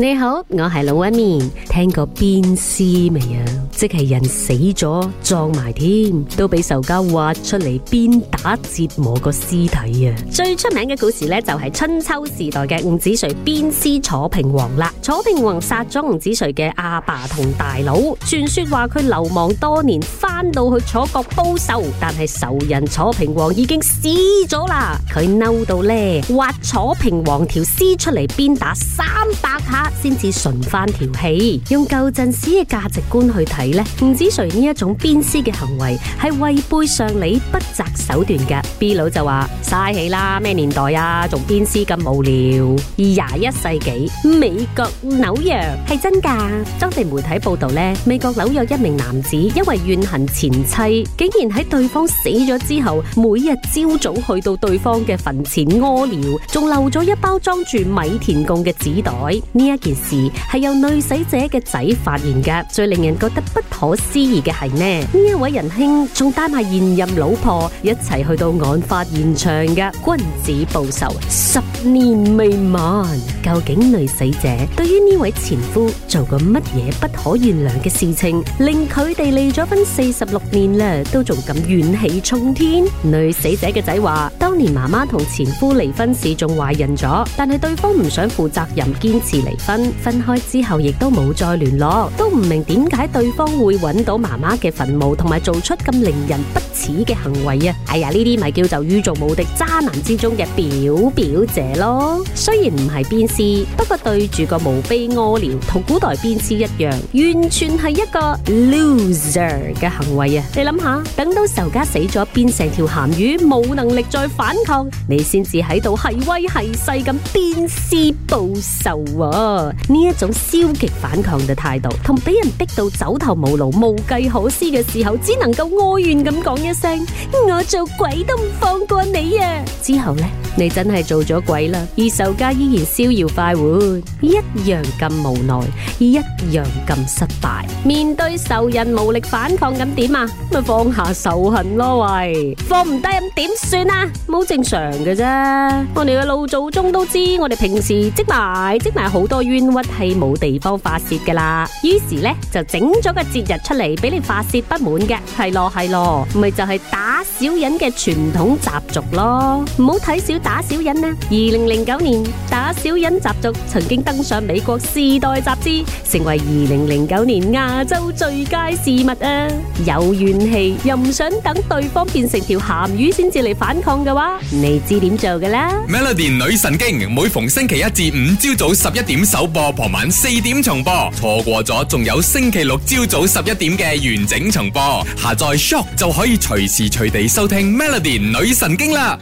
你好，我係老屈面，聽過鞭屍未啊？即係人死咗葬埋添，都俾仇家挖出嚟鞭打折磨個屍體啊！最出名嘅故事咧，就係春秋時代嘅伍子胥鞭屍楚平王啦。楚平王殺咗伍子胥嘅阿爸同大佬，傳說話佢流亡多年，翻到去楚國報仇，但係仇人楚平王已經死咗啦，佢嬲到咧挖楚平王條屍出嚟鞭打三百下。先至順翻條氣，用舊陣時嘅價值觀去睇呢，伍子胥呢一種鞭屍嘅行為係違背常理不擇手段噶。B 佬就話嘥氣啦，咩年代啊，仲鞭屍咁無聊。而廿一世紀美國紐約係真噶，當地媒體報道呢，美國紐約一名男子因為怨恨前妻，竟然喺對方死咗之後，每日朝早去到對方嘅墳前屙尿，仲漏咗一包裝住米田共嘅紙袋呢一。件事係由女死者嘅仔發現嘅，最令人覺得不可思議嘅係咩？呢一位仁兄仲帶埋現任老婆一齊去到案發現場嘅，君子報仇十年未晚。究竟女死者對於呢位前夫做過乜嘢不可原諒嘅事情，令佢哋離咗婚四十六年啦，都仲咁怨氣沖天？女死者嘅仔話：當年媽媽同前夫離婚時仲懷孕咗，但係對方唔想負責任，堅持離分開之後亦都冇再聯絡，都唔明點解對方會揾到媽媽嘅墳墓，同埋做出咁令人不齒嘅行為啊！哎呀，呢啲咪叫做宇宙無敵渣男之中嘅表表姐咯？雖然唔係鞭屍，不過對住個墓碑屙尿，同古代鞭屍一樣，完全係一個 loser 嘅行為啊！你諗下，等到仇家死咗，變成條鹹魚，冇能力再反抗，你先至喺度係威係勢咁鞭屍報仇啊！呢一、哦、種消極反抗嘅態度，同俾人逼到走投無路、無計可施嘅時候，只能夠哀怨咁講一聲：我做鬼都唔放過你啊！之後呢。你真係做咗鬼啦！而仇家依然逍遙快活，一樣咁無奈，一樣咁失敗。面對仇人無力反抗咁點啊？咪放下仇恨咯，喂！放唔低，咁點算啊？冇正常嘅啫。我哋嘅老祖宗都知，我哋平時積埋積埋好多冤屈，係冇地方發泄噶啦。於是咧就整咗個節日出嚟俾你發泄不滿嘅，係咯係咯，咪就係、是、打小人嘅傳統習俗咯。唔好睇小。打小人啊！二零零九年打小人習俗曾經登上美國時代雜誌，成為二零零九年亞洲最佳事物啊！有怨氣又唔想等對方變成條咸魚先至嚟反抗嘅話，你知點做㗎啦？Melody 女神經每逢星期一至五朝早十一點首播，傍晚四點重播，錯過咗仲有星期六朝早十一點嘅完整重播。下載 Shock 就可以隨時隨地收聽 Melody 女神經啦！